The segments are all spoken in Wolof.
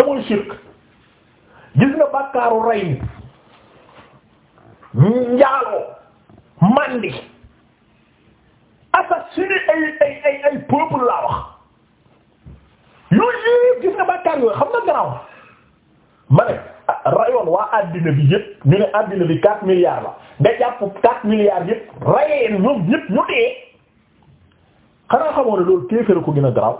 te mooy shirk gis nga bàkkaaru rey nit njaaloo mandi assassiné ay ay ay ay laa wax yooyu yëpp gis nga bàkkaar yooyu xam nga garaw ma ne ah, rayoon waa àddina bi yëpp ñu ne àddina bi quatre milliards la nga jàpp quatre milliards yëpp rayeen ñoom yëpp ñu dee xanaa xamoo ne loolu kéeféer ko gën a garaw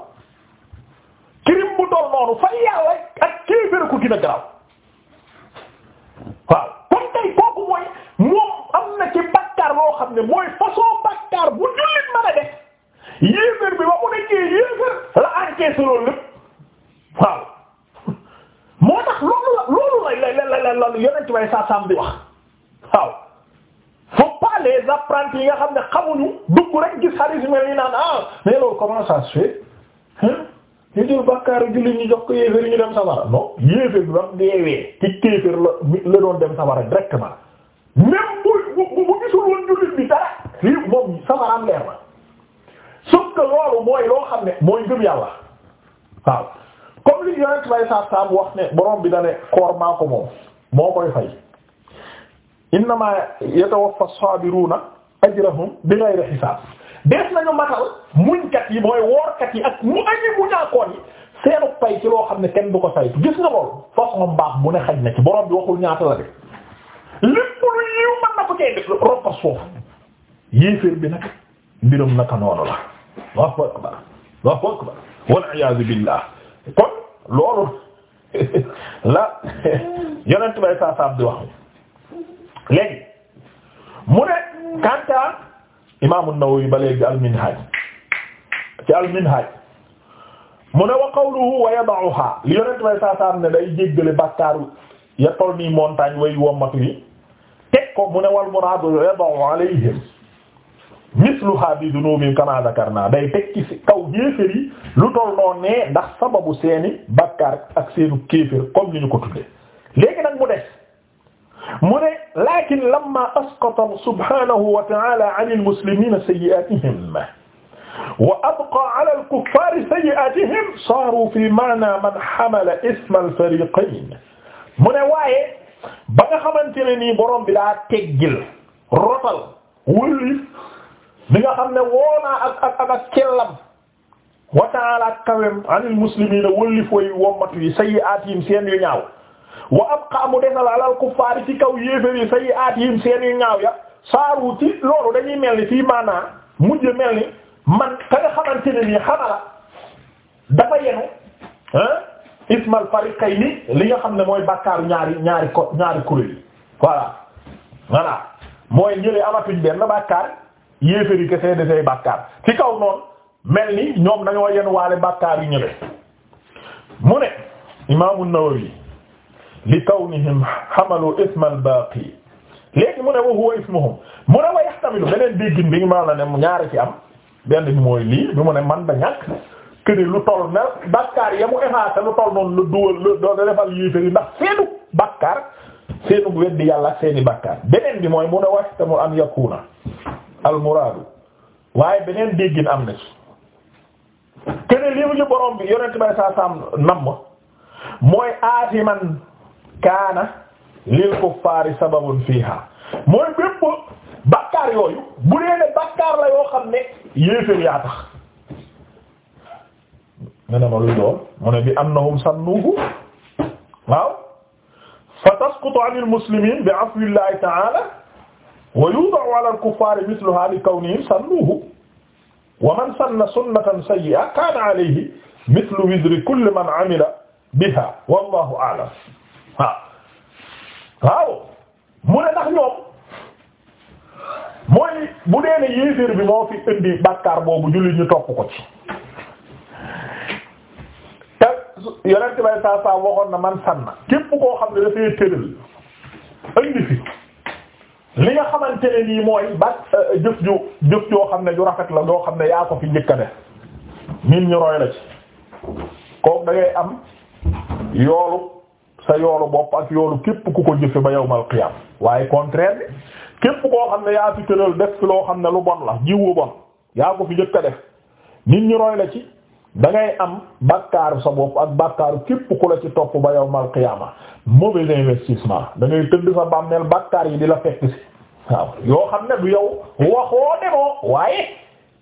doon noonu fa yàlla ak kéefër ko gën a garaaw waaw kon kooku mooy moom am na ci bakkaar loo xam ne mooy façon bakkaar bu jullit mën a bi ba mu nekkee yéefër la encaissé loolu lépp waaw moo tax loolu la loolu la la la la yonent bay saa saam bi wax waaw faut pas les apprentis yi nga xam ne xamuñu dugg rek gis xalis mel ni naan ah mais loolu comment ñu jël bàkkaaru jullit ñu jox ko yéeféer ñu dem safara non yéeféer bi ba mu deewee ci kéeféer la la doon dem safara directement même bu bu bu gisul woon jullit bi dara lii moom safaraam leer na sauf que loolu mooy loo xam ne mooy ngëm yàlla waaw comme li yonent bay saab saab wax ne borom bi da ne koor maa ko moom moo koy fay innamaa yatawaffa as-saabiruna ajrahum bighayri hisaab des nañu matal muñkat yi mooy woorkat yi ak mu añi mu ñaakoon yi seenu pay ci loo xam ne kenn du ko saytu gis nga loolu façon mbaax mu ne xaj na ci borom bi waxul ñaata la def lépp lu yiw mën na ko cee def rompas foofu yéeféer bi nag mbirum naka noonu la Allahu akbar Allahu akbar wal iyaazu billah kon loolu la yonent bay saa saab di wax léegi mu ne kanta imaam an-Nawawi ba léegi al-Minhaj ci al-Minhaj mu ne wa qawluhu wa yada'uha li yonent may saasaam ne day jéggale bàkkaaru ya toll nii montagne way wommatu yi teg ko mu ne wal muraadu yada'u alayhim misluha bi dunubihim kama zakarna day teg ci kaw yéeféer yi lu toll noonu nee ndax sababu seeni bàkkaar ak seenu kéeféer comme ni ñu ko tuddee léegi nag mu des mu ne lakin lamma asqata subhanahu wa ta'ala 'ala al-muslimina sayyi'atihim wa abqa 'ala al-kuffari sayyi'atihim saaru fi ma'na man hamala isma al-fariqayn mu ne waaye ba nga xamante ne nii borom bi daa teggil rotal wul bi nga xam ne woonaa ak ak ak ak kellam wa ta'ala kawem 'ala al-muslimina wëllif way wommatu yi sayyi'atihim seen yu ñaaw wa abqa mu desal alal kuffaar ci kaw yéefér yi sayi aat yim seen yu ñaaw ya saaru ci loolu dañuy mel ni ci maanaa mujj mel ni man ka nga xamante ne li nga xam ne mooy bakkaaru ñaari ñaari ko ñaari kuréel yi voilà voilà mooy ñëlee amatuñ benn bàkkaar yéeféri kese desey bàkkaar ci kaw noonu mel ni ñoom dañoo yenu waale bàkkaar yu ñële mu ne imaamu Nawawi li kawnihim hamalu isma al-baaqi léegi mu ne wa huwa ismuhum mu ne wa yahtamilu beneen déggin bi ma la ne ñaari ci am benn bi mooy lii bi mu ne man da ñàkk que lu toll na bakkaar ya mu effacé lu toll noonu lu duwal lu doon defal yéeféri ndax seenu bakkaar seenu weddi yàlla seeni bakkaar beneen bi mooy mu ne wa yahtamu an yakuna al waaye beneen déggin am na ci que lii mu ci borom bi yonent bi saa saam namm mooy aasiman kaana lil kuffaari sababun fiiha mooy bépp bakkaar yooyu bu dee ne bakkaar la yoo xam ne yéeféer yaa tax nga ne ma luy doon mu ne bi annahum sannuhu waaw fa tasqutu anil muslimiin bi afwillahi ta'ala wa yuda'u ala al-kuffaari mithluha li kawnihim sannuhu wa man sanna sunnatan sayyi'atan kaana alayhi mithlu wizri kulli man amila biha wallahu a'lam Ah. waaw mu ne ndax ñoom mooy bu dee ne yéeféer bi moo fi indi bàkkaar boobu jullit ñu topp ko ci te yonent bay saa saa waxoon na man sanna képp koo xam ne dafay tëral indi fi li nga xamante ne nii mooy ba euh, jëf ju jëf joo xam ne ju rafet la doo xam ne yaa ko fi njëkk a def ñun ñu roy la ci kooku da am yoolu sa yoolu bopp ak yoolu képp ku ko jëfe ba yawmal qiyaam waaye contraire bi képp koo xam ne yaa fi tëral def fi loo xam ne lu bon la jiwu bon yaa ko fi jëkk a def nit ñi roy la ci da am bakkaaru sa bopp ak bakkaaru képp ku la ci topp ba yawmal qiyaama mauvais investissement da ngay tëdd sa bàmmeel bakkaar yi di la fekk si waaw yoo xam ne du yow waxoo demoo waaye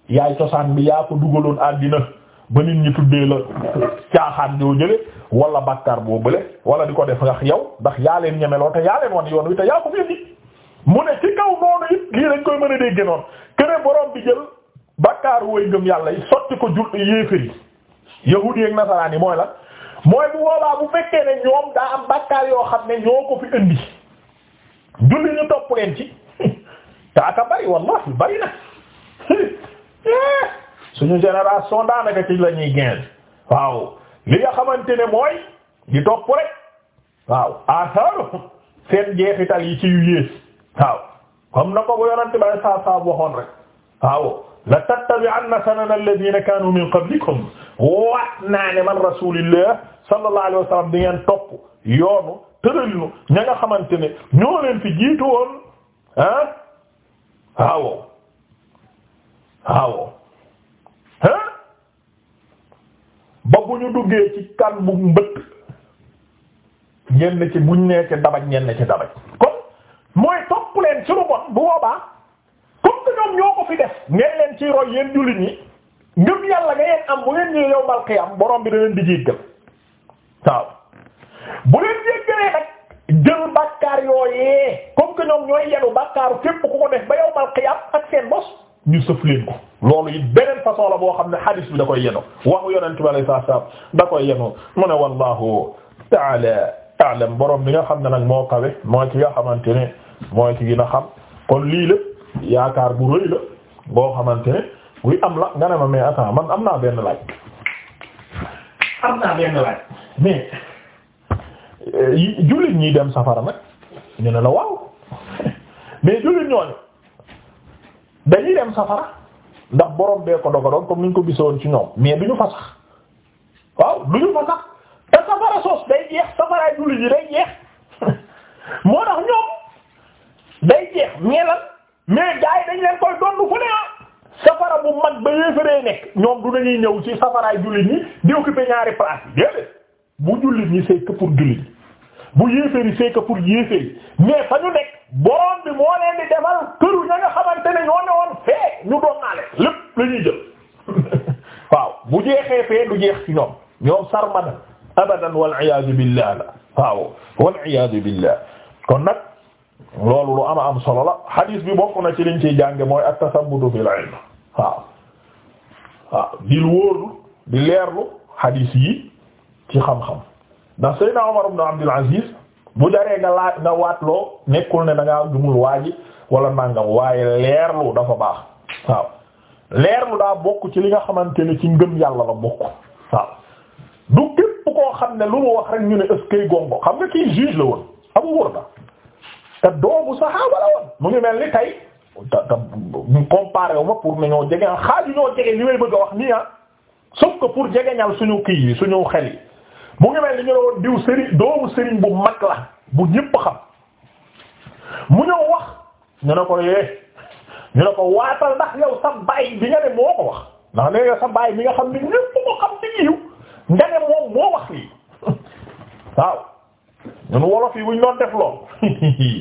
yaay cosaan bi yaa ko dugaloon àddina ba nit ñi tuddee la caaxaan joo jële wala bàkkaar boo bële wala di ko def ndax yow ndax yaa leen ñemeloo te yaa leen wan yoon wi te yaa ko fi indi mu ne ci kaw noonu it lii dañ yàlla yi sotti ko jul yéefér yi yahudi ak nasaraan yi mooy la mooy bu boobaa bu fekkee ne ñoom daa am bàkkaar yoo xam ne ñoo ko fi indi julli ñu topp leen ci te aka bari wallahi bari na suñu génération daanaka ci la ñuy génn waaw li nga xamante ne mooy di topp rek waaw asaaru seen jeexital yi ci yu yées waaw comme na ko bu yonante bay saa saa waxoon rek waaw la tattabi'anna sanana alladhina kanu min qablikum waat naa man rasulillah sallallahu alayhi wa sallam di ngeen topp yoonu tëralinu ña nga xamante ne ñoo leen fi jiitu woon ah ba bu ñu duggee ci kan bu mbëtt ñenn ci buñ nee ci dabaj ñenn ci dabaj kon mooy topp leen ci lu bon bu boobaa comme que ñoo ko fi def ngeen leen ci roy yéen jullit ñi ngëm yàlla nga yeen am bu leen ñëwee yowmal qiyam borom bi da leen di jéggal waaw bu leen jéggalee nag jël bàkkaar yooyee comme que ñoom ñooy yenu bàkkaaru képp ku ko def ba yowmal qiyam ak seen bos ñu sëf leen ko loolu it beneen façon la boo xam ne hadis bi da koy yeno waxu yonent bi alayhi salaam da koy yeno mu ne wallahu taala aalam borom bi nga xam ne nag moo kawe moo ci nga xamante ne moo ci gën xam kon lii lépp yaakaar bu rëy la boo xamante ne buy am la nga ne ma mais attends man am naa benn laaj am naa benn laaj mais euh, jullit ñi dem safara nag ñu ne la waaw mais jullit ñooñu dañuy dem safara ndax borom bee ko dogaloon comme ni ñu ko woon ci ñoom mais du ñu fa sax waaw du ñu fa sax te safara sos day jeex safaraay jullit yi day jeex moo tax ñoom day jeex ñeelal mais gars yi dañ leen koy donn fu ne ah safara bu mag ba yéefaree nekk ñoom du dañuy ñëw ci safaraay jullit ñi di occupé ñaari place yi déedéet bu jullit ñi c'est que pour jullit ñi bu yéeféeri c'est que pour yéeféeri mais fa ñu nekk borom bi moo leen di defal këru ña nga xamante ne ñoo ne ñu doon naale lépp la ñuy waaw bu jeexee fee du jeex ci ñoom ñoom sarmadan abadan wal iyaadu billah la waaw wal iyaadu billah kon nag loolu lu ama am solo la hadis bi bokk na ci liñ ciy jànge mooy at-tasammudu bil ilm waaw waaw di wóorlu di leerlu hadis yi ci xam-xam ndax Seydina Umar ibn Abdul Aziz bu daree nga laa nga waatloo nekkul ne da ngaa jumul waaji wala nangam waaye leerlu dafa baax waaw leerlu daa bokk ci li nga xamante ne ci ngëm yàlla la bokk waaw du képp koo xam ne lu mu wax rek ñu ne ëskay gongo xam nga kii juge la woon Abu Burda te doobu saxaaba woon mu ngi mel ni tey te te ñu comparé wu ma pour ne ñoo jege xaaju ñoo jege li may bëgg a wax nii ah sauf que pour jegeñal suñu kii yi suñu xel yi mu ngi mel ni ñu ne woon diw sëriñ doomu sëriñ bu mag la bu ñépp xam mu ñëw wax ñu ne ko yee ñu ne ko waatal ndax yow sa baay bi nga ne moo ko wax ndax nee nga sa baay bi nga xam ne ñépp ko xam ci yiw nga ne moom moo wax lii waaw ñun wolof yi buñ doon def lool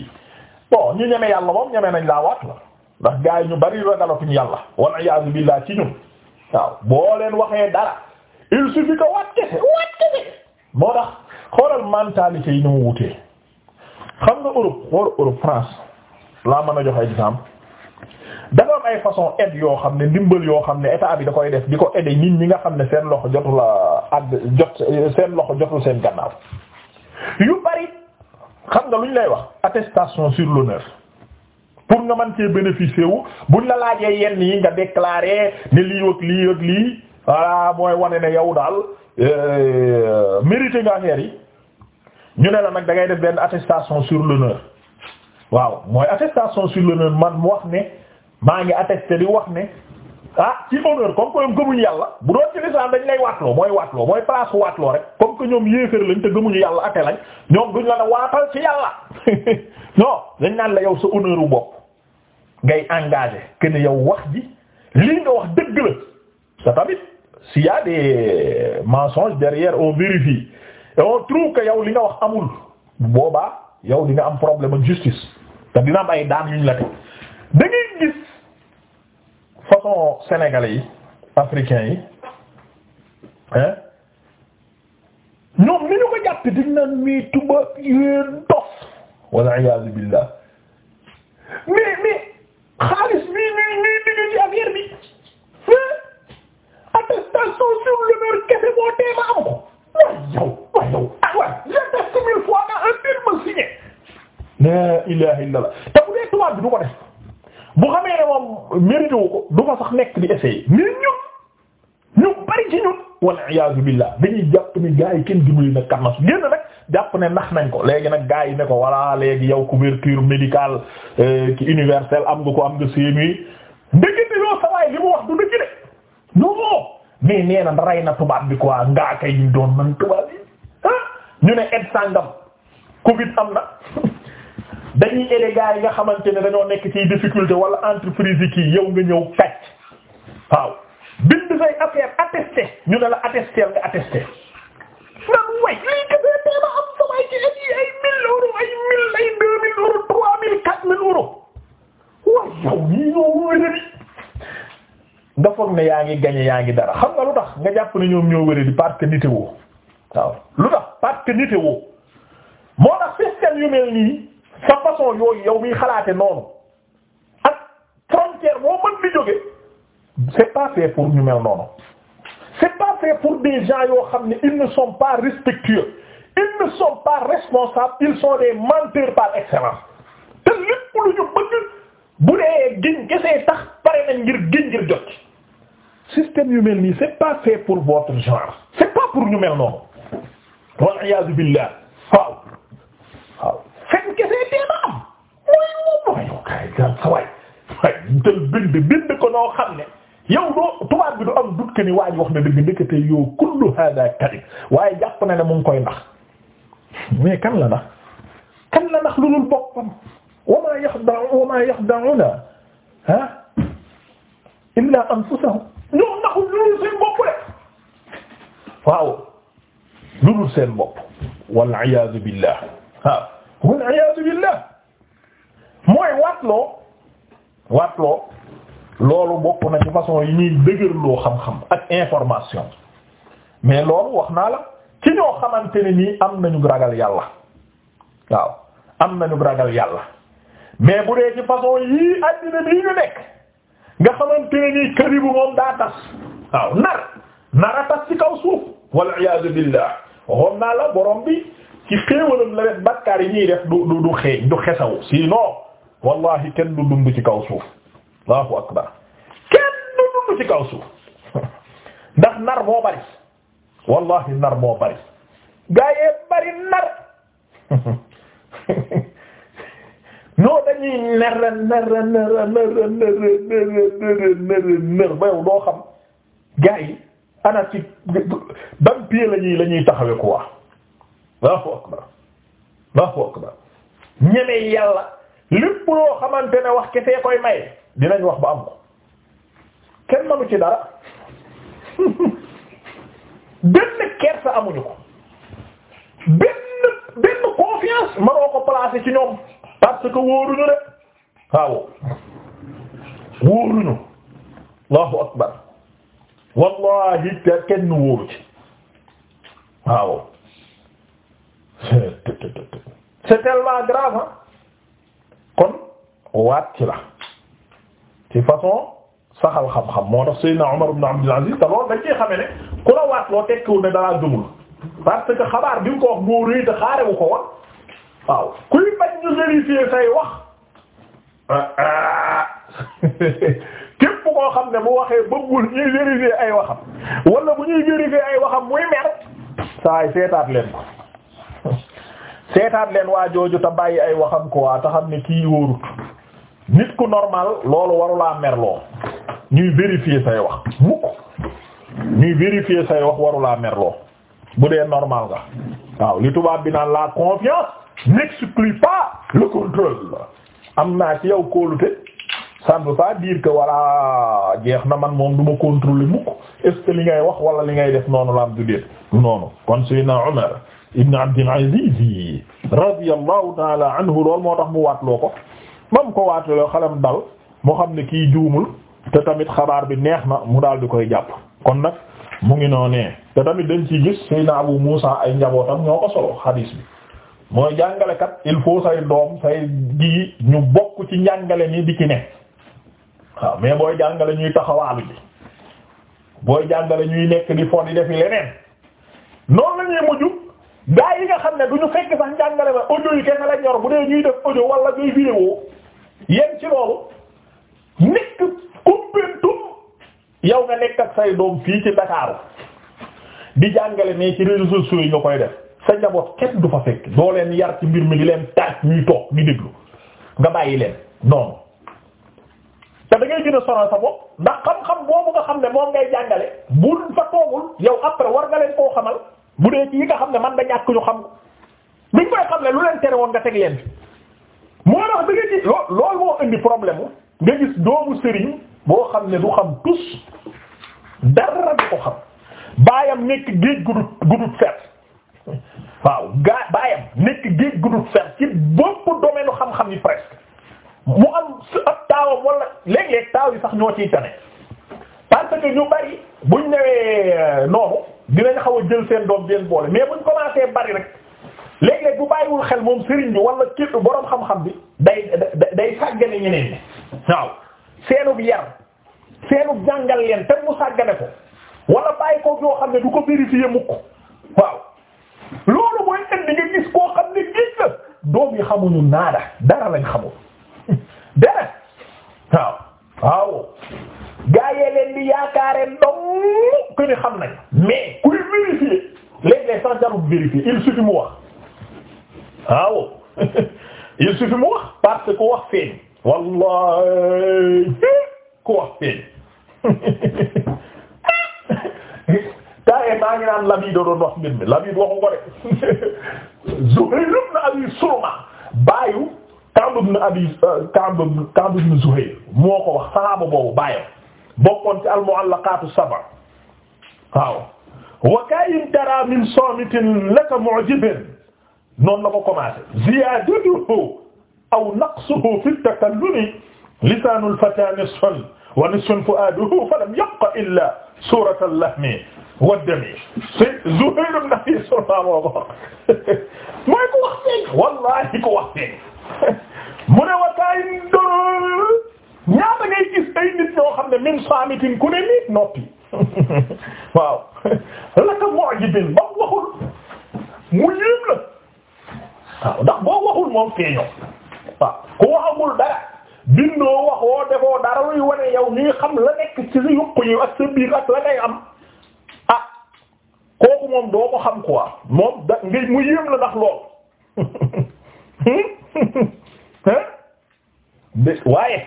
bon ñu ñeme yàlla moom ñeme nañ laa waat la ndax gars yi ñu bari ragalatuñ yàlla wal iyaazu billaah ci ñun waaw boo leen waxee dara il suffit que waat kese waat kese moo tax xoolal mentalité yi ni mu wutee xam nga Europe xool Europe France laa mën a jox exemple da nga ay façon aide yoo xam ne ndimbal yoo xam ne état bi da koy def di ko aider nit ñi nga xam ne seen loxo jotu la ak jot seen loxo jotul seen gannaaw yu bari xam nga lu ñu lay wax attestation sur l'honneur pour nga mën cee bénéficier wu buñ la laajee yenn yi nga déclarer ne lii ak lii ak lii voilà mooy wane ne yow daal Euh, mérité nga affaire yi ñu ne la nag da ngay def benn attestation sur l'honneur waaw mooy attestation sur l'honneur man wax ne maa ngi attesté li wax ne ah ci honneur comme que ñoom gëmuñu yàlla bu doon ci lislaam dañ lay waatloo mooy waatloo mooy place waatloo rek comme que ñoom yéefar lañ te gëmuñu yàlla ate lañ ñoom duñ la ne waatal ci yàlla non dañ naan la yow sa honneur u bopp ngay engage que ne yow wax ji lii nga wax dëgg la sa tamit s'il y a des mensonges derrière on vérifie et on trouve que yow li nga wax amul boobaa yow di nga am problème ak justice te dina am ay daan yuñ la teg da gis façon sénégalais yi africains yi hein ñoom ni ñu ko jàpp dañ naan mii tuba yéen dof walla iyaazu billah mais mais xaalis mii mii mii digg ci affaire bi attestation sur l'honneur kese boo tee la ilaha illallah te dee tubaab bi du ko def bu xamee ne moom mérité wu du ko sax nekk di essayer mais ñun bari ci ñun. wal iyaazu billah dañuy jàpp ni gars yi kenn dimbali na karnas génn rek jàpp ne nax nañ ko léegi nag gars yi ne ko voilà léegi yow couverture médicale euh, ki universelle am nga ko am nga CMU. ndeketewoo sa waay li mu wax du dëgg de non non. mais nee na rey na tubaab bi quoi ngaa kay ñu doon man tubaab bi ah ñu ne aide sangam Covid am na dañuy aider gars yi nga xamante ne dañoo nekk ci difficulté wala entreprise yi kii yow nga ñëw fecc waaw bind say affaire attesté ñu ne la attesté nga attesté. nan way lii kese teel a am sama ci ay ay mille euros ay mille ay deux mille trois mille quatre mille euros waaw yow ñii ñoo wóoree nga foog ne yaa ngi gañe yaa ngi dara xam nga lu tax nga jàpp ne ñoom ñoo wéré di parce que nité woo waaw lu tax parce que nité woo moo tax système yu nii yooyu yow miy xalaate noonu ak frontière boo mën di jóge c'est pas fait pour ñu mel noonu c'est pas fait pour des gens yoo xam ne ils ne sont pas respectueux ils ne sont pas responsables ils sont des menteurs par excellence te lépp lu ñu bëgg bu dee giñ gesee tax pare nañ ngir giñ ngir jot système yu mel nii c'est pas fait pour votre genre c'est pas pour ñu mel noonu wal iyaazu billah waaw waaw fen kese teema am mooy moom mooy kay gal sa waay waay jël bind bind ko noo xam ne yow doo tubaab bi du am dut que ni waa ji wax na dëgg ndekete yow kullu hada kadib waaye jàpp na ne mu ngi koy nax mais kan la nax kan la nax lu dul boppam wa ma yaxda'u wa ma yaxda'una ha illa anfusahum ñoom naxul lu dul seen bopp rek waaw lu dul seen bopp wal iyaadu billah waaw wal iyaadu billah mooy waatloo waatloo loolu bokk na ci façon yi ñuy dëgërloo xam-xam ak information mais loolu wax naa la ci ñoo xamante ne nii am nañu ragal yàlla waaw am nañu ragal yàlla mais bu dee ci façon yii àddina bii ñu nekk nga xamante ne nii këri bu daa tas waaw nar nar a tas ci kaw wal iyaadu billah waxoon naa la borom bi ci xéewalam la def bakkaar yi ñuy def du du du xeeñ du xesaw sinon wallahi kenn du ci kaw suuf allahu akbar kenn ci kaw suuf nar moo bari wallahi nar moo bari gaa bari nar non dañuy ner ner ner ner ner ner ba yow doo xam gars yi ana ci ban pied la ñuy la ñuy taxawee quoi Allahu akbar Allahu akbar ñeme yàlla lépp loo xamante ne wax kese koy may dinañ wax ba am ko kenn mënu ci dara benn kersa amuñu ko benn benn confiance mënoo ko placer ci ñoom. parce que wóoruñu de waaw wóoruñu allahu akbar wallahi te kenn wóoru ci waaw c'est tellement grave kon waat ci la ci façon saxal xam-xam moo tax Seydina Omar ibn Abdul Aziz te loolu dañ cee xamee ne ku la waat loo tekkiwul ne dalaa gëmul parce que xabaar bi mu ko wax moo rëy te xaarewu ko wax waaw kuy bañ ñu vérifier say wax ah, ah. képp koo xam ne bu waxee bëggul ñuy vérifier ay waxam wala bu ñuy vérifier ay waxam muy mer saa seetaat leen ko seetaat leen waa jooju te bàyyi ay waxam ko waa te xam ne kii wóorut nit ku normal loolu warulaa merloo ñuy vérifier say wax mukk ñuy vérifier say wax warulaa merloo bu dee normal nga waaw li tubaab bi naan la confiance n'exclut pas le contrôle am naa ci yow kóolute ça ne veut pas dire jeex na man moom du ma contrôler mukk est li ngay wax wala li ngay def noonu laa am du déet du noonu kon Seydina Umar ibn Abdul Aziz radiyallahu taala anhu loolu moo tax mu waatloo ko ba mu ko waatloo xalam dal moo xam ne kii juumul te tamit xabaar bi neex na mu daal di koy jàpp kon nag mu ngi noonee te tamit dañ ciy gis Seydina Abu Muusa ay njabootam ñoo ko solo xadiis bi mooy jàngalekat il faut say doom say gi ñu bokk ci njàngale ñi di ci ne waaw mais booy jàngale ñuy taxawaalu ji booy jàngale ñuy nekk di fon di defi leneen noonu la ñuy gaa yi nga xam ne du ñu fekk sax njàngale ba audio kenn la ñor bu dee ñuy def audio wala ñuy vidéo yéen ci loolu nekk kumpentum yow nga nekk ak say doom fii ci Dakar di jàngale mais ci réseaux sociaux yi koy def. sa njaboot kenn du fa fekk doo leen yar ci mbir mi di leen taaj ñuy toog di déglu nga bàyyi leen noonu te da ngay a sonal sa bopp ndax xam-xam boobu nga xam ne moom ngay jàngale bul fa toogul yow après war nga leen koo xamal bu dee ci yi nga xam ne man da ñàkk ñu xam bi ñu koy xam ne lu leen tere woon nga teg leen moo tax da nga loolu moo indi problème nga gis doomu sëriñ boo xam ne du xam tus dara du xam baayam nekk géej gudut gudut waaw gaa baayam nekk géej gu dul fer ci bopp domaine xam-xam yi presque mu am ab taawam wala léeg-léeg taaw yi sax ñoo ci tane parce que ñu bari buñ newee euh, noonu dinañ xaw a jël seen doom seen boole mais buñ commencé bari rek léeg-léeg bu bàyyiwul xel moom sëriñ bi wala kii boroom xam-xam bi day day sàggane ñeneen ñi waaw seenub yar seenub jàngal leen te mu sàggane ko wala bàyyi ko yoo xam ne du ko vérifier mukk waaw. loolu mooy indi nga gis koo xam doom yi xamuñu naada dara lañ xamul dara waaw waaw gaa yee leen di yaakaare dong ku ni xam nañ mais kuy vérifier léeg-léeg sax jarul vérifier il suffit mu wax waaw il suffit mu wax parce que ku wax wallahi ku wax feeñ maa ngi naan Labid da doon wax mbir mi Labid waxu ko de Zuhayr ibn Abi Sulma baayu Ka'b ibn Abi euh, Ka'b Ka'b ibn Zuhayr moo ko wax saxaaba boobu baayo bokkoon ci al-mu'allaqaatu sab'a waaw wa ka'in tara min saamitin laka mu'jibin noonu la ko commencé ziyaadatuhu aw naqsuhu fi at-takallumi lisaanu al-fataa nisfun wa nisfun fu'aaduhu falam yabqa illaa suuratan lahmi waddami Zuhayr ibn Abi Sulma moo ko wax mooy ku wax wallahi ku wax feeñ mu ne wataay ndóol ñaata gis ay nit ñoo xam ne min saamitin ku ne nit noppi waaw laka mu'jibin ba waxul mu yéem la waaw ndax boo waxul moom feeñoo waaw ku waxagul dara bindoo waxoo defoo dara luy wane yow ñuy xam la nekk ci si yuq yi ak sa biir la ngay am kooku moom doo ko xam quoi moom da ngay mu yéem la ndax lool waaye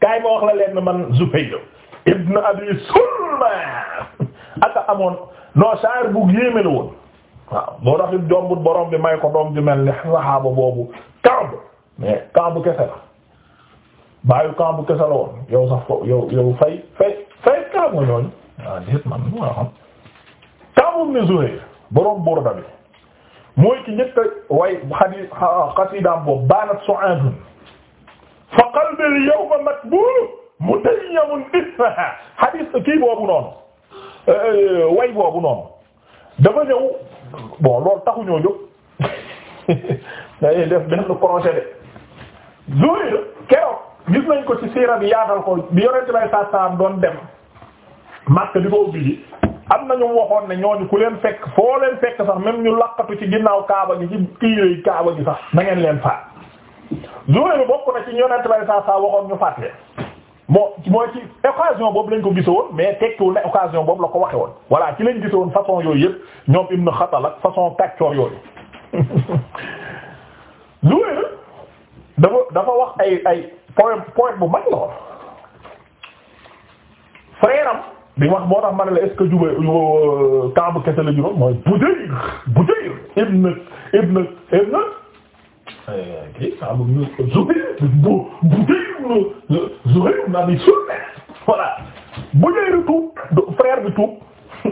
kaay ma wax la leen man Zubayr ibn Abi Sulma aka amoon non saar bu yéeme la woon waaw boo tax bi may ko doom ju mel ni saxaaba boobu Kaab mais Kaab kese la baayu Kaab kese la woon yow sax ko yow fay fay fay Kaab ñooñu waaw déet man mu nga xam imaam ibn Zuhayr borom Burda bi mooy ki njëkk way xadi xasidaam boobu baanat su'aadun fa qalbi al-yawma matbuul mutayyamun ismaha xadis kii boobu noonu way boobu noonu dafa ñëw bon loolu taxu ñoo jóg def benn crochet de Zuhayr keroog gis nañ ko ci siira bi yaatal ko bi yonente bay sa saam doon dem Makka di ko ubbi am nañu waxoon ne ñooñu ku leen fekk foo leen fekk sax même ñu laqatu ci ginnaaw kaaba gi ci kii kaaba gi sax na ngeen leen faat Zuhayr bokk na ci yonent bay saa saa waxoon ñu faat leen moo mooy ci occasion boobu lañ ko gisoon mais tekkiwul ne occasion boobu la ko waxe woon voilà ci lañ gisoon façon yooyu yëpp ñoom Ibn Xatal ak façon kàccoor yooyu Zuhayr dafa dafa wax ay ay poème poème bu mag la woon frère bi wax moo tax ma ne la est-ce que jubay euh, Kaab la juróom mooy Budayr Budayr ibn ibn ibn euh, kii Kaab Zuhayr bu Budayr Zuhayr na bi sunne voilà Budayr tuub frère bi tuub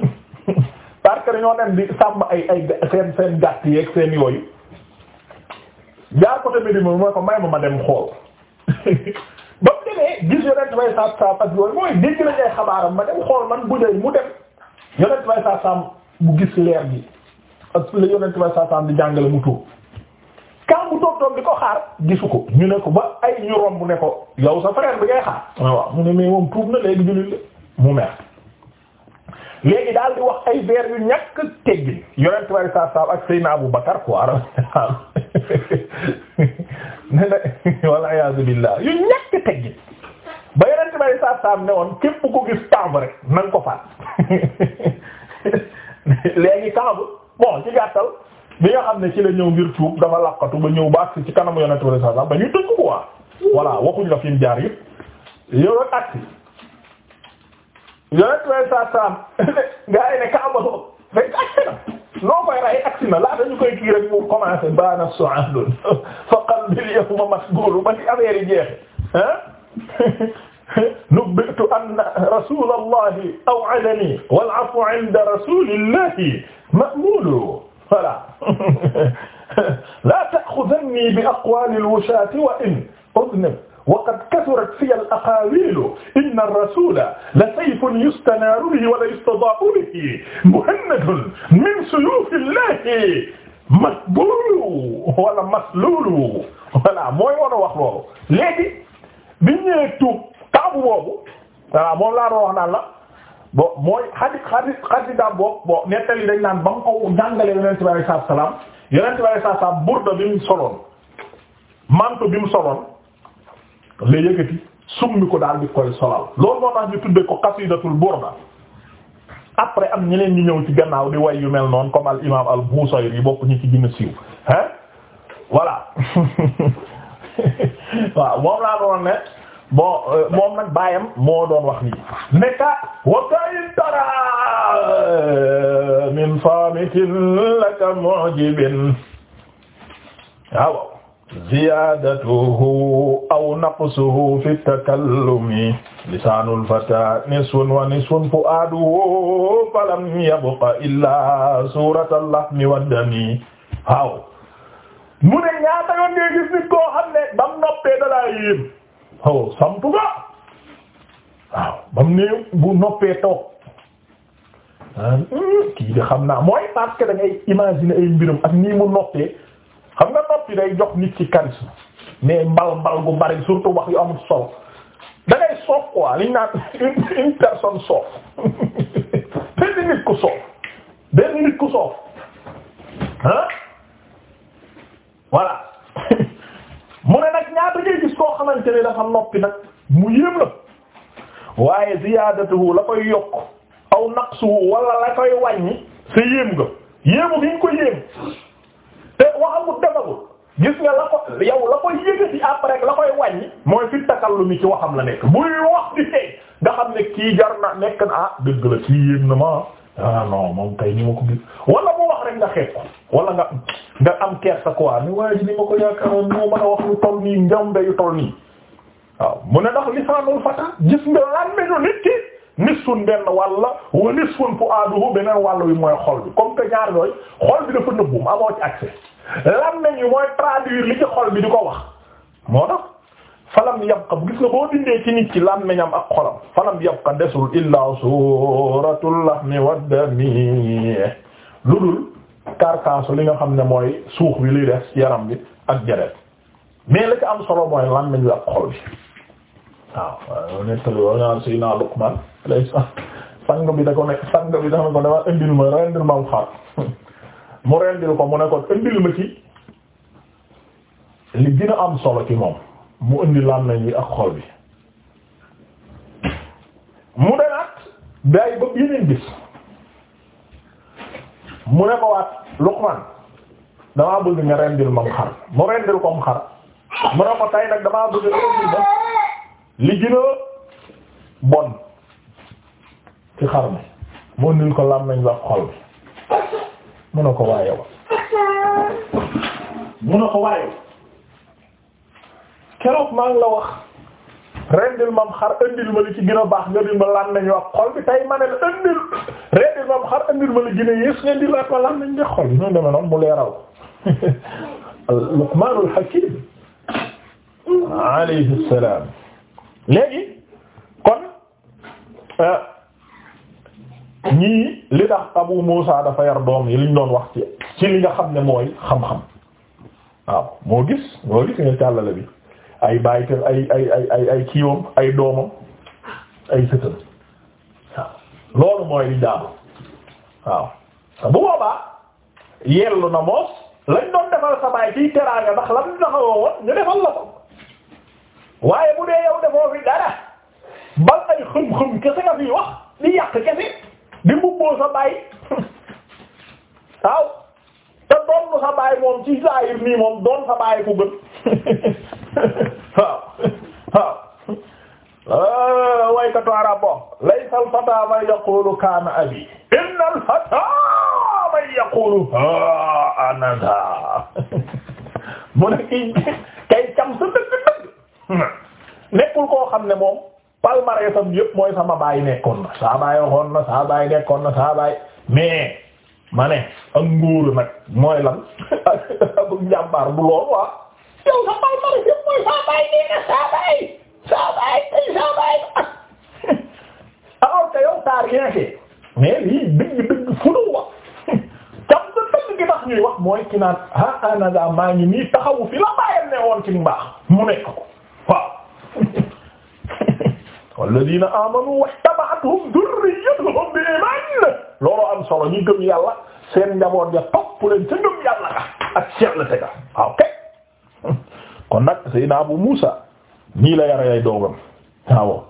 parce que dañoo dem di sàmm ay ay seen seen gàtt yeeg seen yooyu jaar côté Médina mooy ko may ma ma dem waaye gis yonent bay saab saab ak yooyu mooy dégg nañ ay xabaaram ma dem xool man bu dee mu dem yonent bay saab saab bu gis leer bi ak la yonent bay saab saab di jàngale mu tuub kaa mu toog toog di ko xaar gisu ko ñu ne ko ba ay ñu romb ne ko yow sa frère bi ngay xaar waaw mu ne mais moom tuub na léegi jullit la mu mer léegi daal di wax ay vers yu ñàkk teggin yonent bay saab saab ak Seydina Abu Bakar ko aral ne walla iyaazu billaah lay saa saa ne woon képp ko gis Kaab rek na nga ko faat léegi Kaab bon ci gàttal bi nga xam ne ci la ñëw ngir tuub dafa laqatu ba ñëw ba agsi ci kanamu Yonent bi sallallahu alayhi wasallam ba ñu tëj ko quoi voilà waxuñ la fi mu jaar yëpp yow rek agsi Yonent bi saa saa gaa yi ne Kaab soo fekk agsi na noo koy rey agsi na laata ñu koy kii rek mu commencé baana su'aal fa qalbi al-yawma masbuul ba ci affaire yi jeexe ah. nubbitu anna rasulallahi aw'adani wal afwu 'inda rasulillahi ma'mulu voilà la ta'khudhanni bi aqwali al-wushati wa in udhnib waqad kasurat fiya al-aqaawilu inna ar-rasula la sayfun yustanaaru bihi wa la yustadaa'u bihi muhannadun min suyuufillahi masbuulu wala masluulu voilà mooy war a wax loolu léegi bi ñëwee tuub kaabu boobu voilà moom laa doon wax naan la bon mooy xadi xadi xadi daa boobu bon dañ naan ba mu ko jàngalee yonent bi alayhi salaatu salaam yonent bi alayhi salaatu salaam burda bi mu soloon manto bi mu soloon la yëkkati summi ko daal di koy solal loolu moo tax ñu tuddee ko qasidatul burda après am ñeneen ñu ñëw ci gannaaw di way yu mel noonu comme al imaam al Busayri yi bokk ñu ci gën a siiw hein voilà waaw moom laa doon ne bon euh, moom nag baayam moo doon wax nii nekka wa kay tara min faamitin laka mu'jibin waaw ziyadatuhu aw naqsuhu fi takallumi lisaanul fata nisfun wa nisfun fu'aaduhu falam yabqa illaa suuratal lahmi waddami waaw mu ne ñaata yoon ngay gis nit koo xam ne bam noppee dalaa yéem waaw oh, samtu nga waaw ba mu ne bu noppee toog hmm, kii di xam naa mooy parce que da ay mbiram ak nii mu noppee xam nga noppi day jox nit ci charisme mbal mbal gu surtout wax yu amul solo da ngay soof quoi liñ naan une personne soof benn nit ku soof benn nit ku soof ah mu ne nag ñaata ngay gis koo xamante ne dafa noppi nag mu yéem la waaye ziyaadatuhu la koy yokk aw naqsuhu wala la koy wàññi sa yéem nga yéemu gi nga ko yéem te waxamut defagul gis nga la ko yow la koy yëgati après la koy wàññi mooy fi takallumi ci waxam la nekk buy wax di tey nga xam ne kii jar na nekk na ah dëgg la kii yéem na ma ah non moom kay ni ma ko gis wala mu wax rek nga xeeb ko nga nga am kersa quoi ni waaye ji ni ma ko yaakaaroon moo mën a wax lu toll nii njawmbe yu toll nii waaw mu ne ndax lisaanul fata gis nga làmmiñu nit ki nisfun benn wàll wa nisfun fu'aaduhu beneen wàll wi mooy xol bi comme que ñaar yooyu xol bi dafa nëbbum amoo ci accès làmmiñ yi mooy traduire li ci xol bi di ko wax moo tax falam yabqa gis nga boo dindee ci nit ci làmmiñam ak xolam falam yabqa desul illaa suuratul lahmi waddami lu dul karkaasu li nga xam ne mooy suux bi luy des yaram bi ak deret mais la ci am solo mooy làmmiñ bi ak xol bi waaw nettali woo naan si naa Luqman lay sang bi da ko ne sang bi da ko dama indil ma rendil ma am xar mu rendil ko mu ne ko indil ma ci li gën am solo ci moom mu indi làmmiñ wi ak xol bi mu demaat day ba yeneen bis mu ne ko waat Luqman damaa bëgg nga rendil mam xar mu rendil ko mu xar mu ne ko tay nag damaa bëgg rendil ba li gën bon ci xar mi mu indil ko làmmiñ wi ak xol bi mu ne ko waaye wa mu ne ko waaye keroog maa ngi la wax rendil mam xar andil ma li ci gën a baax nga dil ma lan nañu ak xol bi tay ma ne la andil rendil mam xar andil ma li gën a yées nga dil ak ma lan nañ de xol bi ñoo demee noonu Luqmaanul Hakim alayhi léegi kon euh, ñii li tax Abu Muusa dafa yar doom yi liñ doon wax ci ci li nga xam ne mooy xam-xam waaw moo gis moo gis nga càllale bi ay bàyyi te ay ay ay ay ay kiiwam ay doomam ay sëtam waaw loolu mooy li jaabu waaw bu boobaa yellu na moos lañ doon defal sa baay fii teraanga ndax la mu taxawoo woon ñu defal la ko waaye bu dee yow defoo fi dara bal ay xëm-xëm kese nga fi wax di yàq kese di mbubboo sa baay waaw te doon sa baay moom ci zahir nii moom doon sa baay ku gën waaw waaw eh, waykatu arab bo laysa al fata man abi inna al fata ha ana mu ne kii kay cam sa nekkul koo xam ne moom palmarès am yëpp mooy sama baay nekkoon na saa baay waxoon na saa baay nekkoon na saa baay mais ma ne ak ngóor nag mooy lan ak njàmbaar bu lool waa yow sa baay mara mooy saa baay na saa baay saa baay tey saa baay yow t'as rien fait mais lii dëgg dëgg fuluw wax cam sa wax mooy ki naan ah anada maa ngi nii taxawu fi la ne woon ci mbaax mu nekk ko waaw walladina amanu wa tabatuhum durriyatuhum bi iman looloo am solo ñi gëm yàlla seen njaboot ja topp leen ca gëm yàlla ga ak seet la tega waaw kay kon nag Seydina Abu Muusa nii la yara ay doogam waaw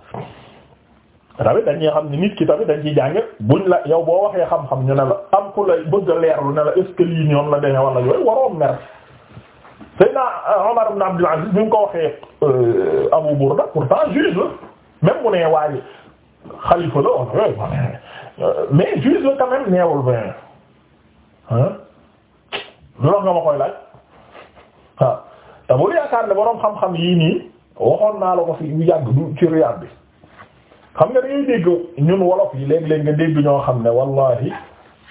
tamit dañuy xam ne nit ki tamit dañ ciy jànge buñ la yow boo waxee xam-xam ñu ne la am ku la bëgg a leerlu ne la est-ce que lii ñoom la demee wala yooyu waroon mer Seydina Omar ibn Abdul Aziz bi mu ko waxee euh, Abu Burda pourtant juge la même mu ne waaye xalifa la woon eh, Euh, mais juge la quand même neewul vingt ah loolu nga ma koy laaj waaw ah. te bul yaakaar ne boroom xam-xam yii nii waxoon naa la ko fi yu yàgg du ci riyaat bi xam nga dañuy dégg ñun wolof yi léeg-léeg nga dégg ñoo xam ne wallahi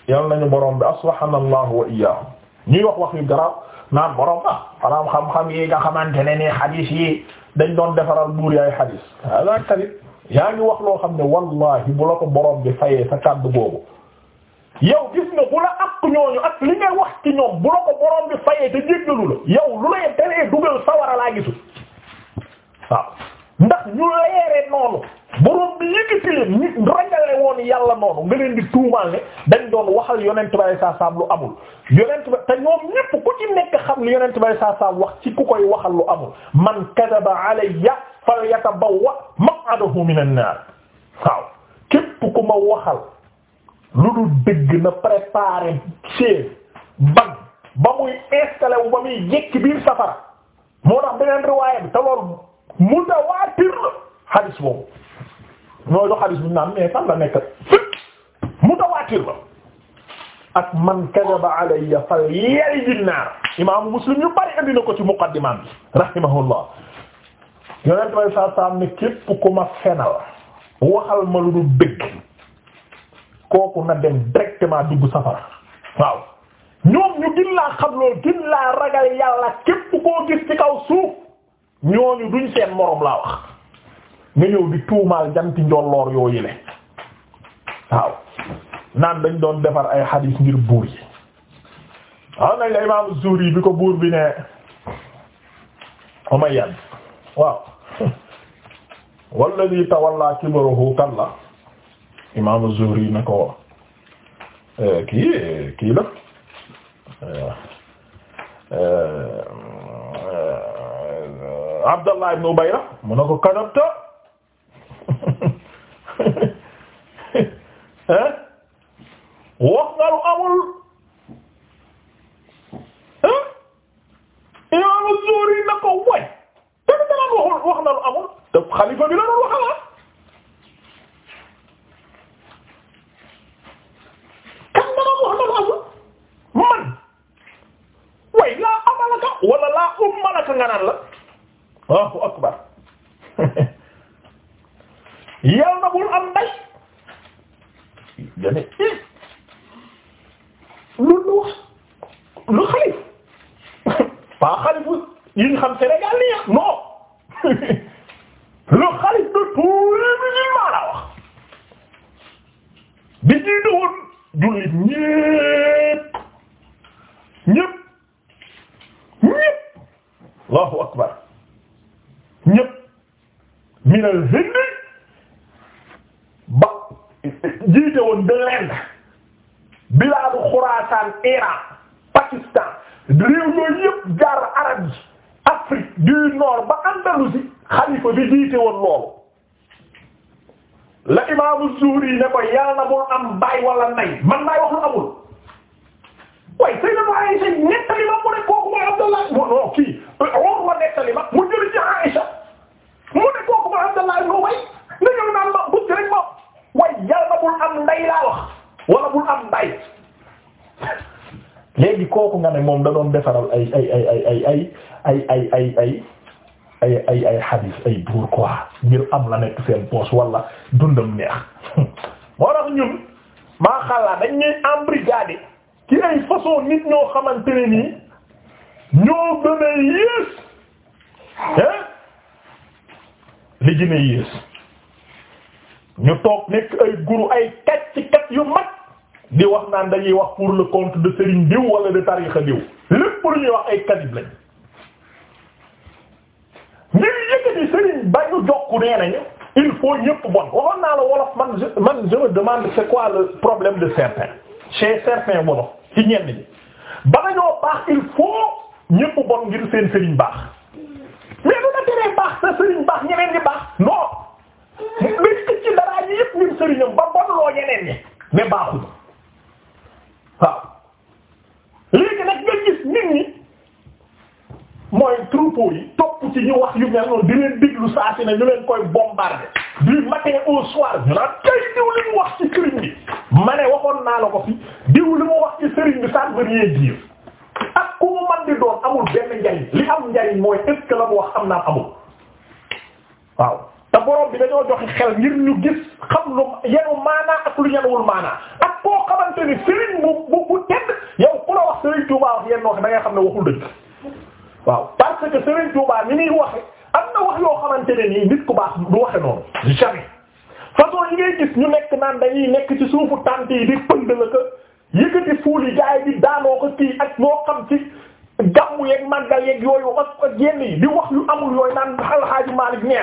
yal nañu borom bi aslahana allahu wa iyyahum ñuy wax wax yu garaaw naan borom ah xalaam xam-xam yi nga xamante ne nii xadiis yi dañ doon defaral buur yaay xadiis yaa ngi wax loo xam ne wallahi bu la ko boroom bi fayee sa kàddu boobu yow gis nga bu la ak ñooñu ak li nga wax ci ñoom bu la ko borom bi fayee te jéggalu la yow lu lay teree dugal sawara laa gisu waaw ndax ñu leeree noonu borom bi yëkkati leen ñu ragale woon yàlla noonu nga leen di tuumaal ne dañ doon waxal yonent bi saa saam lu amul yonent bi te ñoom ñépp ku ci nekk xam lu yonent bi saa saam wax ci ku koy waxal lu amul man kadaba alayya falyatabawwa maq'adahu minan naar waaw képp ku ma waxal lu dul dëgg na préparer chaise bag ba muy installé ba muy jekki biir safara moo tax beneen riwaaya bi te loolu mutawaatir la xadis boobu mooy man kadaba alayya falyaljin naar imaamu muslim ñu bari andi na ko ci muqaddimaam bi rahimahullah yonent bay saa saam ne képp ma fenal waxal ma lu du dëgg kooku na dem directement dugg safara waaw ñoom ñu gën laa ragal yàlla képp koo gis ci ñooñu duñ seen morom laa wax nga ñëw di tuumaal janti njolloor yooyu le waaw naan dañ doon defar ay xadiis ngir buur yi waaw nañ Zuhri bi ko buur bi ne Umayyad waaw walladhi tawalla kibrahu kan la imaam Zuhri na ko eh, kii kii la eh, eh, Abdallah ibn Ubayra mu ne ko kadabta ah wax nga lu amul ah Imaam Zuhri na way te nga waxul wax na lu amul te xalifa bi la doon waxal kan na lu man way laa amalaka wala laa ummalaka nga naan la. Allahu akbar yal na bul am mbay dane eh, lu lu lu xalif pas xalif yi xam Sénégal li yàq non lu xalif de tous les musulmans la wax bi ñuy doxoon jullit ñépp ñépp ñépp Allahu akbar min al Hind ba jiite woon de l'Inde bilaadu Xuraasaan Iran Pakistan réew yooyu yëpp jaar arab yi Afrique nord ba Andalousie xalifa bi jiite woon loolu la imaamu Zuhri ne ko yàlla na bul wala nay man maay wax lu amul waaye Sayyidatu Aisha nettali ma mu ne kooku mooy Abdallah non non kii waxuma nettali ma mu jëli ci mu ne kooku ma Abdallah ibn Ubay nga ñëw naan ma bu rek ma waaye yàlla bul am nday laa wax wala bul am nday léegi kooku nga ne moom da doon defaral ay ay ay ay ay ay ay ay ay ay ay ay ay xadis ay buur quoi ngir am la nekk seen poche wala dundam neex moo tax ñun maa dañ ñuy embrigadé ci ay façon nit ñoo xamante nii ñoo gën a yées li gën a yées ñu toog nekk ay guru ay kàcc kat yu mag di wax naan dañuy wax pour le compte de Serigne diw wala de tarixa diw lépp lu ñuy wax ay kadib lañ ngir yëkkati Serigne ba ñu jokku nee nañu il faut ñëpp bon waxoon naa la wolof man man je me demande c'est quoi le problème de certains chez certains wolof ci ñenn ñi ba nañoo baax il faut ñëpp bon ngir seen Serigne baax mais lu la teree baax sa sëriñ baax ñeneen ñi baax non mais ci ci daraa ñi yëpp ñun sëriñam ba bon loo ñeneen ñi mais baaxul waaw léegi nag nga gis nit ñi mooy troupeau yi topp ci ñu wax yu mel noonu di leen diglu saa si ne ñu leen koy bombarder du matin au soir ñu naan tey diw li mu wax ci sëriñ bi ma ne waxoon naa la ko fi diw mu wax ci sëriñ bi ça veut rien ak ku man di doon amul benn njariñ li am njariñ mooy est-ce que la mu wax am naa amul waaw te borom bi dañoo joxe xel ngir ñu gis xam lu yenu maanaa ak lu yenuwul maanaa ak koo xamante ni sëriñ bu bu bu tedd yow ku la wax sëriñ Touba wax yenn wax da xam ne waxul dëgg waaw parce que sëriñ Touba ni muy wax am na wax yoo xamante ne nii nit ku baax du waxe noonu jamais façon yi ngay gis ñu nekk naan dañuy nekk ci suufu tànt di pënd yëkkati fuul yi gars yi di daanoo ko kii ak moo xam ci gàmmu yeeg màggal yeeg yooyu ak ak yenn yi di wax yu amul yooyu naan alxaaji Malick nee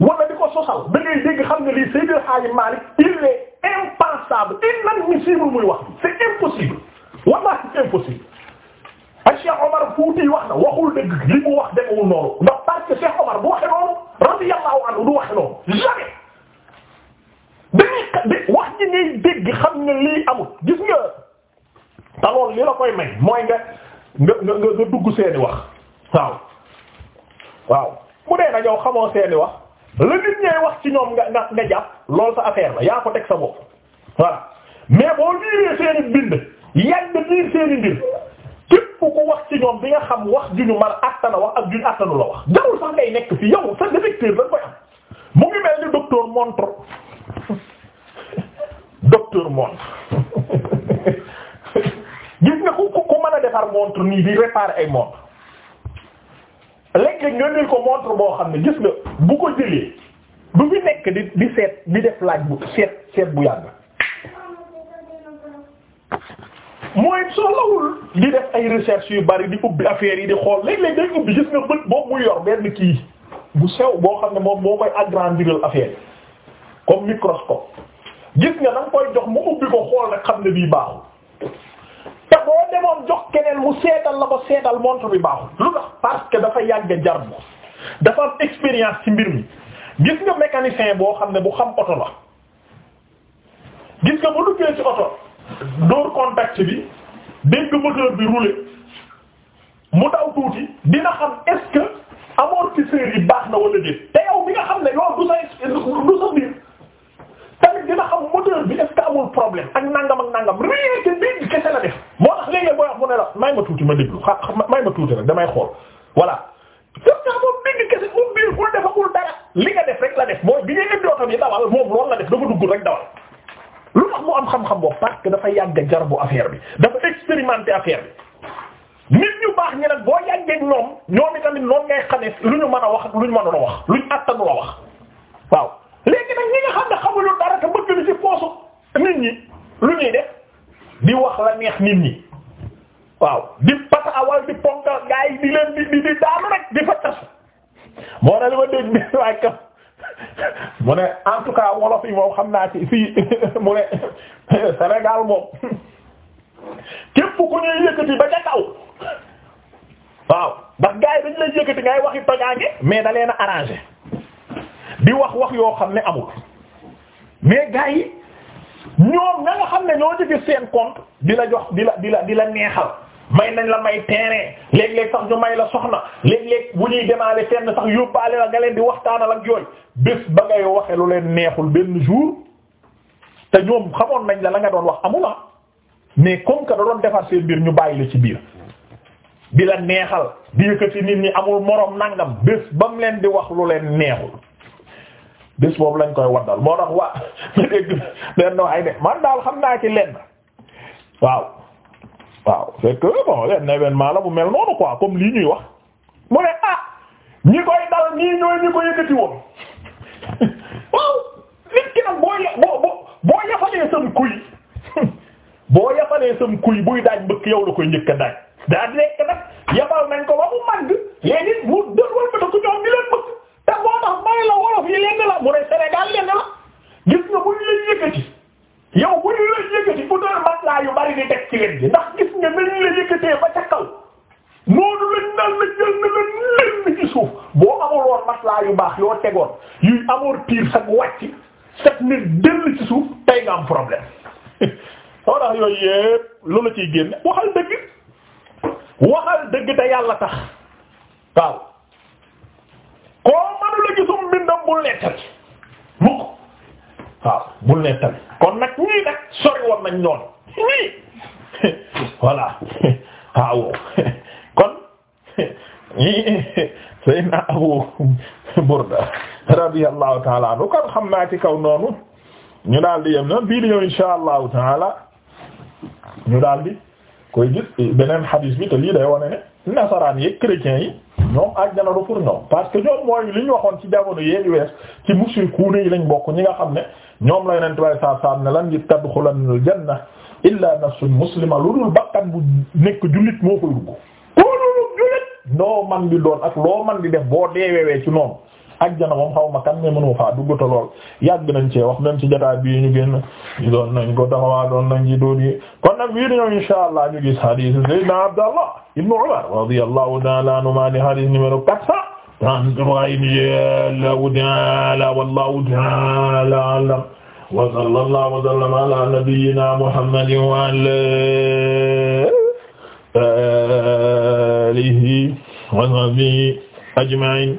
na wala di ko sosal da ngay dégg xam ne lii Seydil Hadji Malick il est impensable inadmissible muy wax c'est impossible wallahi c'est impossible ak Cheikh Omar Fouti wax na waxul li mu wax demewul noonu ndax parce que Cheikh Omar bu waxe noonu radiyallahu anhu du waxe noonu ngay wax ji ngay dégg xam ne lii amul gis nga taloon li la koy may mooy nga nga nga dugg seeni wax waaw waaw mu dee nag yow xamoo seeni wax la nit ñay wax ci ñoom nga nga nga jàpp lool sa affaire la yaa ko teg sa bopp voilà mais boo liiree seeni bind yàgg liir seeni mbir képp ku wax ci ñoom bi nga xam wax juñu man attana wax ak juñu attanu la wax jarul sax ngay nekk fi yow sa nga koy am mu ngi mel ni docteur montre docteur montre gis nga ku ku mën a defar montre nii di réparer ay montre léeg nga nil ko montre boo xam ne gis nga bu ko jëlee du fi nekk di di seet di def laaj bu seet seet bu yàgg mooy soxlawul di def ay recherche yu bari di ubbi affaires yi di xool léeg-léeg day ubbi gis nga bët boobu muy yor benn kii bu sew boo xam ne moom moo koy agrandiral affaire comme microscope gis nga da nga koy jox mu ubbi ko xool rek xam ne bii baaxul te boo demoon jox keneen mu seetal la ko seetal montre bi baaxul lu tax parce que dafa yàgg jar bu dafa am expérience ci mbir mi gis nga mécanicien boo xam ne bu xam oto la gis nga bu duggee ci oto dóor contact bi dégg moteur bi rouler mu daw tuuti dina xam est-ce yi baax na wala déet te yow bi nga xam ne yow du sa du sa tamit dina xam moteur bi est-ce problème ak nangam ak nangam rien que biir kese la def moo tax léegi booy wax mu ne la may ma tuuti ma déglu may ma tuuti rek damay xool voilà. surtout moom biir kese moom biir ful defagul dara li nga def rek la def mooy bi nga indi oto bi dawal moom loolu la def dafa dugg rek dawal. lu tax mu am xam-xam boobu parce que dafa yàgg jar bu affaire bi dafa expérimenter affaire bi nit ñu baax ñi nag boo yàggee ñoom ñoom itamit noonu ngay xamee lu ñu mën a wax ak lu ñu wax lu ñu attanu léegi nag ñi nga xam ne xamuñu dara te bëgg na ci poosu nit ñi lu ñuy def di wax la neex nit ñi waaw di pataawal di ponkal gaa yi di leen di di di daanu rek di fa moo tax li ma dégg nii waaye mu ne en tout cas wolof yi moom xam naa ci fii mu ne Sénégal moom képp ku ñuy yëkkati ba ca kaw waaw ndax gaa yi la lay yëkkati ngay waxi tojaange mais da leen a arrangé. di wax wax yoo xam ne amul mais gars yi ñoom na nga xam ne ñoo jëfe seen compte di la jox di la di la di la neexal may nañ la may terrain léeg-léeg sax ñu may la soxna léeg-léeg bu ñuy demaale fenn sax yóbbaale la nga leen di waxtaanal ak yooyu bés ba ngay waxe lu leen neexul benn jour te ñoom xamoon nañ la la nga doon wax amula ah. mais comme que da doon defar seen biir ñu bàyyi la ci biir di la neexal di yëkkati nit ñi amul moroom nangam bés ba mu leen di wax leen neexul bés boobu lañ koy waddal moo tax waa ma dégg benn waay ne man daal xam naa ci lenn waaw waaw c'est que bon lenn événement la bu mel noonu quoi comme lii ñuy wax mu ne ah ñi koy dal ñii ñooy ñi ko yëkkati woon waaw nit ki nag boo boo boo yafalee sam kuy boo yafalee sam kuy buy daaj mbëkk yow la koy njëkk a daaj daa nekk nag yafal nañ ko ba mu màgg léegi mu dël wal ba da ko ñoom ñi leen nag moo tax may la wolof yi lenn la mu ne Sénégal lenn la gis nga bu ñu lay yëkkati yow bu ñu lay bu doon matelas yu bari di teg ci bi ndax gis nga nañu la la jël ci suuf boo amul woon matelas yu baax yoo tegoon yuy amortir sag wàcc sag nit dell ci suuf tey nga am problème soo tax yooyu yépp loolu ciy génne waxal dëgg waxal dëgg te yàlla tax waaw koo manu la gisum mbindam bul nettali kon nag ñii nag sori woon nañ ah, kon ñii Seydina Burda radiyallahu taala anhu kon xam naa ci kaw noonu ñu daal di yem noonu bii di ñëw insha taala ñu daal di koy gis beneen hadis bi te lii day wone nasaraan yeeg chrétiens yi ñoom àjjana du pour ñoom parce que ñoom mooy li ñu waxoon ci jamono yee ñu wees ci mushrikuun yi lañ bokk ñi nga xam ne ñoom la yonent way saa saam ne lan tadxulul janna illa nafsun muslima lu dul bakkan bu nekk jullit moo koy dugg. koo dul jullit. noo man di doon ak loo man di def boo deewewee ci noonu. ajjana moom xaw ma kan ne mënu faa duggata lool yàgg nañ cee wax même ci jotaay bii ñu génn ñu doon nañ ko taxawaa doon nañ ci doon yi kon nag wii dañoo insha allah ñu gis hadith sayyidina Abdallah ibn Umar radiyallahu ta'ala anhuma di hadith numéro quatre cent trente-trois inshaallahu ta'ala wallahu ta'ala a'lam wa sallallahu wa sallama ala nabiyyina muhammadin wa ala alihi wa sahbihi ajma'in